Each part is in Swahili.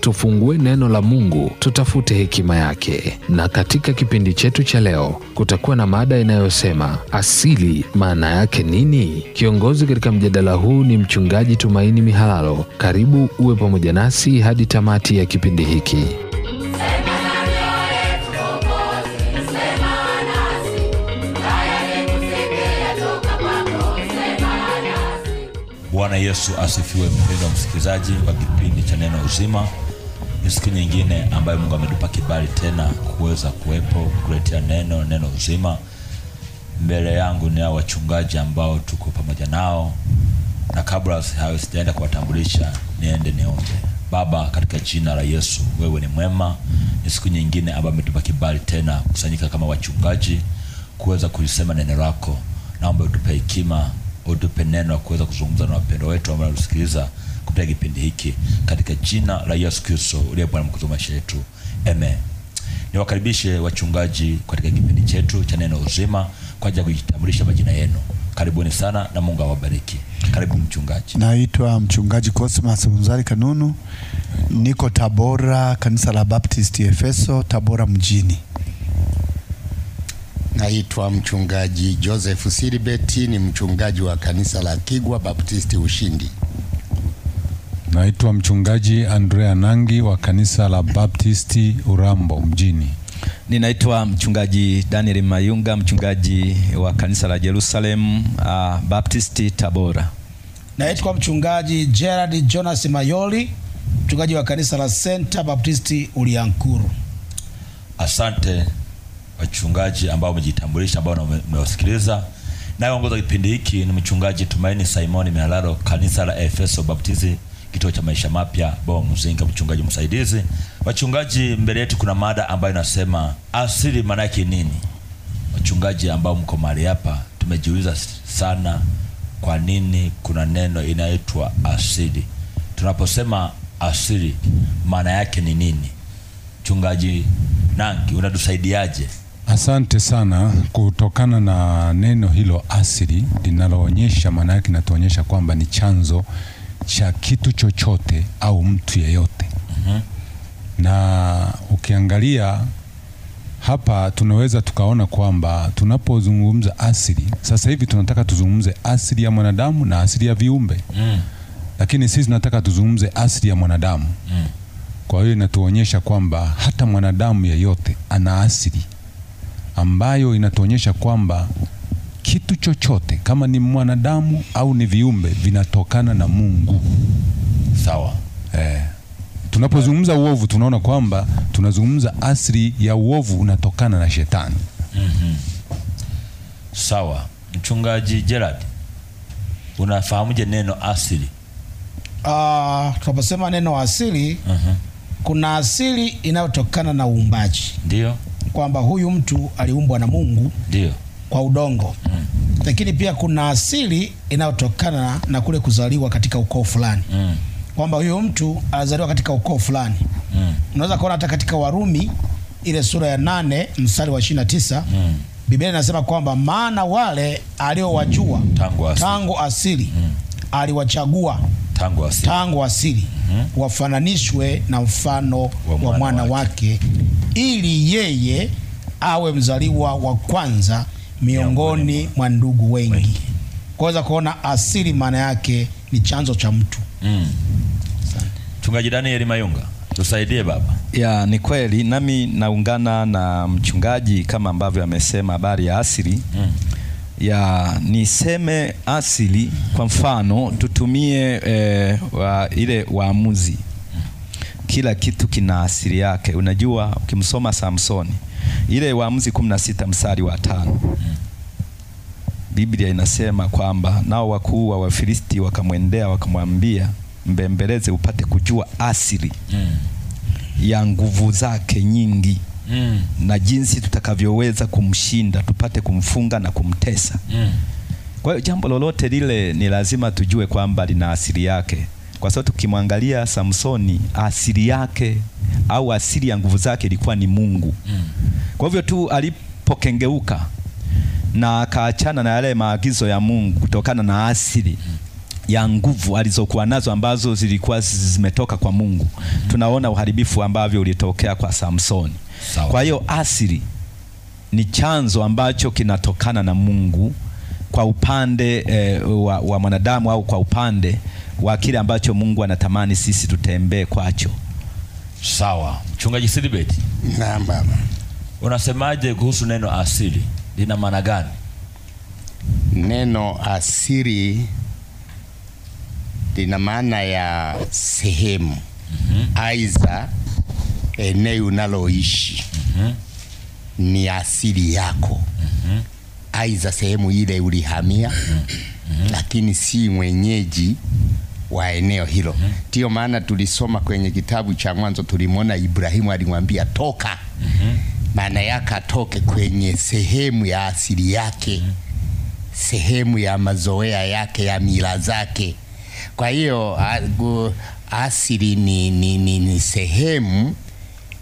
tufungue neno la Mungu, tutafute hekima yake. Na katika kipindi chetu cha leo kutakuwa na mada inayosema asili maana yake nini? Kiongozi katika mjadala huu ni mchungaji Tumaini Mihalalo. Karibu uwe pamoja nasi hadi tamati ya kipindi hiki. Bwana Yesu asifiwe. Mpendwa msikilizaji wa kipindi cha Neno Uzima, ni siku nyingine ambayo Mungu ametupa kibali tena kuweza kuwepo kuletea neno neno uzima. Mbele yangu ni hao wachungaji ambao tuko pamoja nao, na kabla sijaenda kuwatambulisha, niende niombe. Baba, katika jina la Yesu, wewe ni mwema. Ni siku nyingine ambayo umetupa kibali tena kusanyika kama wachungaji kuweza kulisema neno lako. Naomba utupe hekima, utupe neno kuweza kuzungumza na wapendwa wetu ambao wanatusikiliza kupitia kipindi hiki katika jina la Yesu Kristo uliye Bwana mkuu maisha yetu. Amen. Niwakaribishe wachungaji katika kipindi chetu cha neno uzima kwa ajili ya kujitambulisha majina yenu. Karibuni sana na Mungu awabariki. Karibu mchungaji. Naitwa mchungaji Cosmas Mzali Kanunu, niko Tabora, kanisa la Baptist Efeso, Tabora mjini. Naitwa mchungaji Joseph Siribeti, ni mchungaji wa kanisa la Kigwa Baptist Ushindi. Naitwa mchungaji Andrea Nangi wa kanisa la Baptisti Urambo mjini. Ninaitwa mchungaji Daniel Mayunga mchungaji wa kanisa la Jerusalem uh, Baptisti Tabora. Naitwa mchungaji Gerard Jonas Mayoli mchungaji wa kanisa la Center Baptisti Uliankuru. Asante wachungaji ambao umejitambulisha, ambao umewasikiliza. Nayeongoza kipindi hiki ni mchungaji Tumaini Simoni Mihalalo, kanisa la Efeso Baptisti kituo cha maisha mapya Bawa Mzinga, mchungaji msaidizi. Wachungaji, mbele yetu kuna mada ambayo inasema asili maana yake nini? Wachungaji ambao mko mahali hapa, tumejiuliza sana, kwa nini kuna neno inaitwa asili? Tunaposema asili maana yake ni nini? Mchungaji Nangi, unatusaidiaje? Asante sana. Kutokana na neno hilo asili linaloonyesha, maana yake inatuonyesha kwamba ni chanzo cha kitu chochote au mtu yeyote. mm -hmm. Na ukiangalia hapa tunaweza tukaona kwamba tunapozungumza asili, sasa hivi tunataka tuzungumze asili ya mwanadamu na asili ya viumbe mm. Lakini sisi tunataka tuzungumze asili ya mwanadamu mm. Kwa hiyo inatuonyesha kwamba hata mwanadamu yeyote ana asili ambayo inatuonyesha kwamba kitu chochote kama ni mwanadamu au ni viumbe vinatokana na Mungu. Sawa. Eh. Tunapozungumza uovu tunaona kwamba tunazungumza asili ya uovu unatokana na shetani. mm -hmm. Sawa. Mchungaji Gerard, unafahamuje neno asili? Uh, tunaposema neno asili uh mhm. -huh. kuna asili inayotokana na uumbaji, ndio kwamba huyu mtu aliumbwa na Mungu, ndio kwa udongo mm. Lakini pia kuna asili inayotokana na kule kuzaliwa katika ukoo fulani mm. Kwamba huyo mtu alizaliwa katika ukoo fulani mm. Unaweza kuona hata katika Warumi ile sura ya nane mstari wa ishirini na tisa mm. Biblia inasema kwamba maana wale aliowajua mm. tangu asili, tangu asili. Mm. aliwachagua tangu asili, tangu asili. Mm. wafananishwe na mfano wa, wa mwana wake, wake ili yeye awe mzaliwa wa kwanza miongoni mwa ndugu wengi, wengi. Kwaweza kuona asili maana yake ni chanzo cha mtu mm. Mchungaji Daniel Mayunga, tusaidie baba. Ya, ni kweli nami naungana na mchungaji kama ambavyo amesema habari ya asili mm. Ya niseme asili, kwa mfano tutumie e, wa, ile Waamuzi, mm. kila kitu kina asili yake. Unajua, ukimsoma Samsoni ile Waamuzi sita mstari wa tano Biblia inasema kwamba nao wakuu wa Wafilisti wakamwendea wakamwambia, mbembeleze upate kujua asili mm. ya nguvu zake nyingi mm. na jinsi tutakavyoweza kumshinda tupate kumfunga na kumtesa mm. Kwa hiyo jambo lolote lile ni lazima tujue kwamba lina asili yake, kwa sababu tukimwangalia Samsoni asili yake au asili ya nguvu zake ilikuwa ni Mungu mm. Kwa hivyo tu alipokengeuka na akaachana na yale maagizo ya Mungu kutokana na asili ya nguvu alizokuwa nazo ambazo zilikuwa zimetoka kwa Mungu. Tunaona uharibifu ambavyo ulitokea kwa Samsoni. Sawa. Kwa hiyo asili ni chanzo ambacho kinatokana na Mungu kwa upande eh, wa, wa mwanadamu au kwa upande wa kile ambacho Mungu anatamani sisi tutembee kwacho. Sawa. Mchungaji Silibeti. Naam baba. Unasemaje kuhusu neno asili? Lina maana gani? Neno asili lina maana ya sehemu, mm -hmm. Aiza eneo unaloishi mm -hmm. ni asili yako mm -hmm. Aiza sehemu ile ulihamia mm -hmm. lakini si mwenyeji wa eneo hilo mhm. ndiyo mm -hmm. maana tulisoma kwenye kitabu cha Mwanzo, tulimwona Ibrahimu alimwambia toka mm -hmm maana yake atoke kwenye sehemu ya asili yake, sehemu ya mazoea yake, ya mila zake. Kwa hiyo asili ni, ni, ni, ni sehemu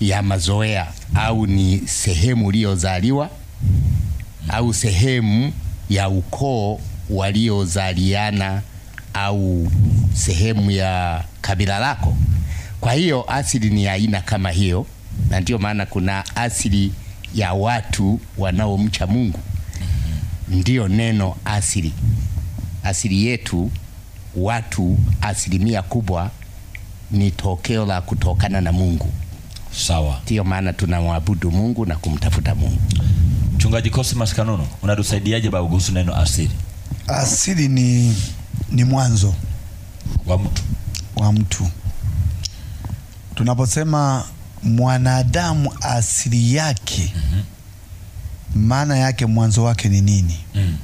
ya mazoea au ni sehemu uliyozaliwa au sehemu ya ukoo waliozaliana au sehemu ya kabila lako. Kwa hiyo asili ni aina kama hiyo na ndio maana kuna asili ya watu wanaomcha Mungu, ndiyo neno asili. Asili yetu watu, asilimia kubwa ni tokeo la kutokana na Mungu. Sawa, ndiyo maana tunamwabudu Mungu na kumtafuta Mungu. Mchungaji Cosmas Kanono, unatusaidiaje baba kuhusu neno asili? Asili ni, ni mwanzo wa mtu wa mtu tunaposema mwanadamu asili yake mm -hmm. maana yake mwanzo wake ni nini? mm.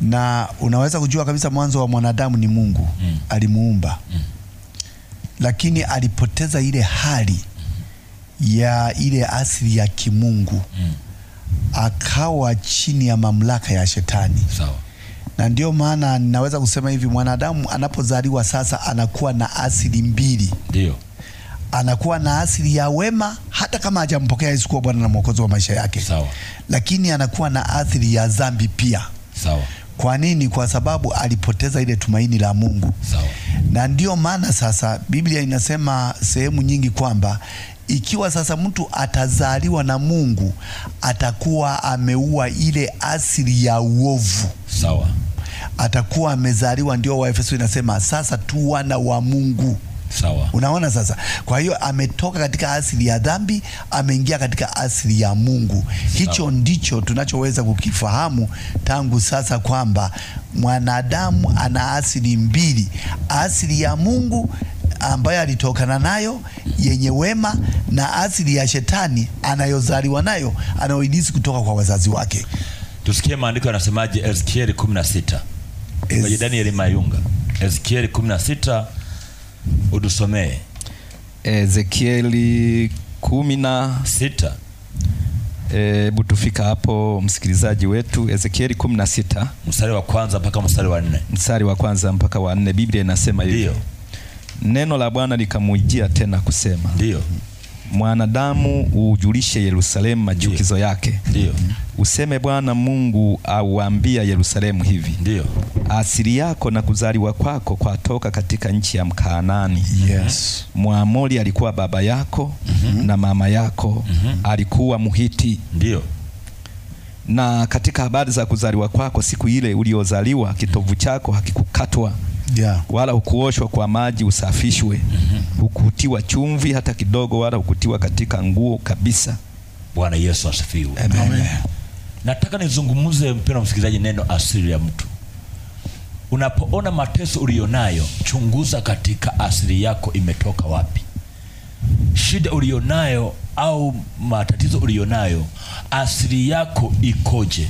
na unaweza kujua kabisa mwanzo wa mwanadamu ni Mungu mm. alimuumba mm. lakini alipoteza ile hali mm. ya ile asili ya kimungu mm. akawa chini ya mamlaka ya shetani sawa. Na ndio maana ninaweza kusema hivi mwanadamu anapozaliwa sasa anakuwa na asili mbili, ndio anakuwa na asili ya wema hata kama hajampokea Yesu kuwa Bwana na Mwokozi wa maisha yake. Sawa. Lakini anakuwa na asili ya dhambi pia. Sawa. Kwa nini? Kwa sababu alipoteza ile tumaini la Mungu. Sawa. Na ndiyo maana sasa Biblia inasema sehemu nyingi kwamba ikiwa sasa mtu atazaliwa na Mungu atakuwa ameua ile asili ya uovu. Sawa. Atakuwa amezaliwa, ndio Waefeso inasema sasa tu wana wa Mungu. Sawa. Unaona sasa, kwa hiyo ametoka katika asili ya dhambi, ameingia katika asili ya Mungu. Hicho Sawa. ndicho tunachoweza kukifahamu tangu sasa kwamba mwanadamu ana asili mbili, asili ya Mungu ambayo alitokana nayo yenye wema na asili ya shetani anayozaliwa nayo anayoidisi kutoka kwa wazazi wake. Tusikie maandiko yanasemaje, Ezekieli 16 Daniel Mayunga, Ezekieli 16 udusomee Ezekieli kumi na sita. Hebu tufika hapo msikilizaji wetu, Ezekieli kumi na sita mstari wa kwanza mpaka mstari wa nne. Mstari wa kwanza mpaka wa nne, Biblia inasema hivyo. Neno la Bwana likamujia tena kusema, ndio mwanadamu uujulishe Yerusalemu machukizo yake. Ndio. Useme Bwana Mungu auambia Yerusalemu hivi. Ndio. Asili yako na kuzaliwa kwako kwatoka katika nchi ya Mkaanani. Yes. Mwamoli alikuwa baba yako mm -hmm. na mama yako mm -hmm. alikuwa Muhiti. Ndio. Na katika habari za kuzaliwa kwako, siku ile uliozaliwa, kitovu chako hakikukatwa yeah. wala hukuoshwa kwa maji usafishwe. mm -hmm hukutiwa chumvi hata kidogo, wala hukutiwa katika nguo kabisa. Bwana Yesu asifiwe. Amen. Amen. Nataka nizungumze mpendwa msikilizaji, neno asili ya mtu. Unapoona mateso ulionayo, chunguza katika asili yako imetoka wapi. Shida ulionayo au matatizo ulionayo, asili yako ikoje?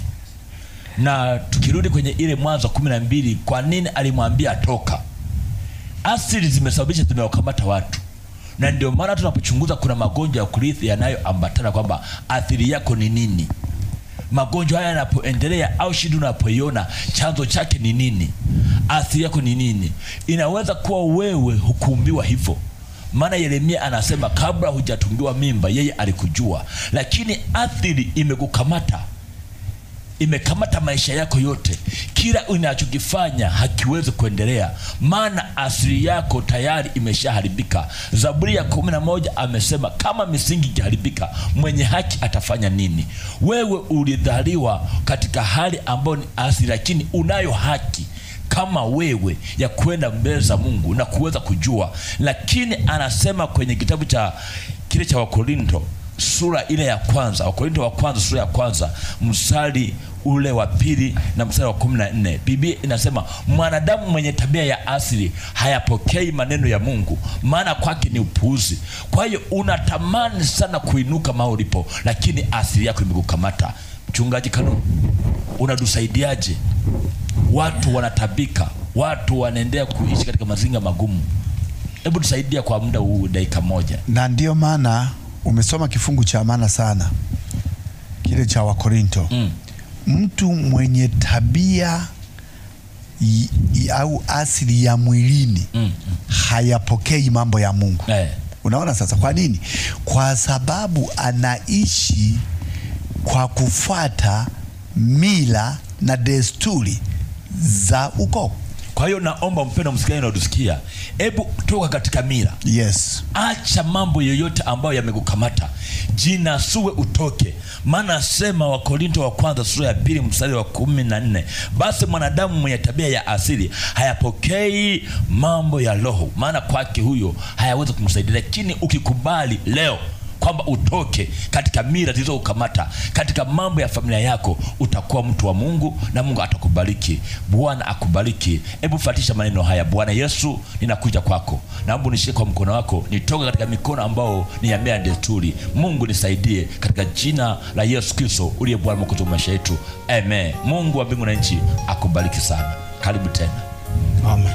Na tukirudi kwenye ile Mwanzo kumi na mbili, kwa nini alimwambia toka asili zimesababisha zimewakamata watu, na ndio maana tunapochunguza kuna magonjwa ya kurithi yanayoambatana, kwamba athiri yako ni nini. Magonjwa haya yanapoendelea au shida unapoiona, chanzo chake ni nini? Athiri yako ni nini? Inaweza kuwa wewe hukumbiwa hivyo maana Yeremia anasema kabla hujatungiwa mimba yeye alikujua, lakini athiri imekukamata imekamata maisha yako yote. Kila unachokifanya hakiwezi kuendelea, maana asili yako tayari imeshaharibika. Zaburi ya kumi na moja amesema kama misingi ikiharibika, mwenye haki atafanya nini? Wewe ulidhaliwa katika hali ambayo ni asili, lakini unayo haki kama wewe ya kwenda mbele za Mungu na kuweza kujua, lakini anasema kwenye kitabu cha kile cha Wakorinto sura ile ya kwanza, Wakorinto wa kwanza sura ya kwanza mstari ule wa pili na mstari wa kumi na nne Biblia inasema mwanadamu mwenye tabia ya asili hayapokei maneno ya Mungu, maana kwake ni upuuzi. Kwa hiyo unatamani sana kuinuka mahali ulipo, lakini asili yako imekukamata. Mchungaji Kanu, unatusaidiaje? Watu wanatabika, watu wanaendelea kuishi katika mazingira magumu. Hebu tusaidia kwa muda huu dakika moja. Na ndiyo maana umesoma kifungu cha maana sana kile cha Wakorinto mm mtu mwenye tabia i, i, au asili ya mwilini mm, mm. hayapokei mambo ya Mungu eh. Unaona sasa, kwa nini? Kwa sababu anaishi kwa kufuata mila na desturi za ukoo. Kwa hiyo naomba mpendo msikilizaji unatusikia, hebu toka katika mila. Yes. Acha mambo yoyote ambayo yamekukamata. Jinasue utoke. Maana sema wa Korinto wa kwanza sura ya pili mstari wa kumi na nne basi mwanadamu mwenye tabia ya asili hayapokei mambo ya roho, maana kwake huyo hayawezi kumsaidia, lakini ukikubali leo kwamba utoke katika mira zilizoukamata katika mambo ya familia yako, utakuwa mtu wa Mungu na Mungu atakubariki. Bwana akubariki. Hebu fuatisha maneno haya. Bwana Yesu, ninakuja kwako, naomba unishike kwa mkono wako, nitoke katika mikono ambao ni ya mea desturi. Mungu nisaidie, katika jina la Yesu Kristo uliye Bwana mwokozi wa maisha yetu, amen. Mungu wa mbingu na nchi akubariki sana. Karibu tena, amen.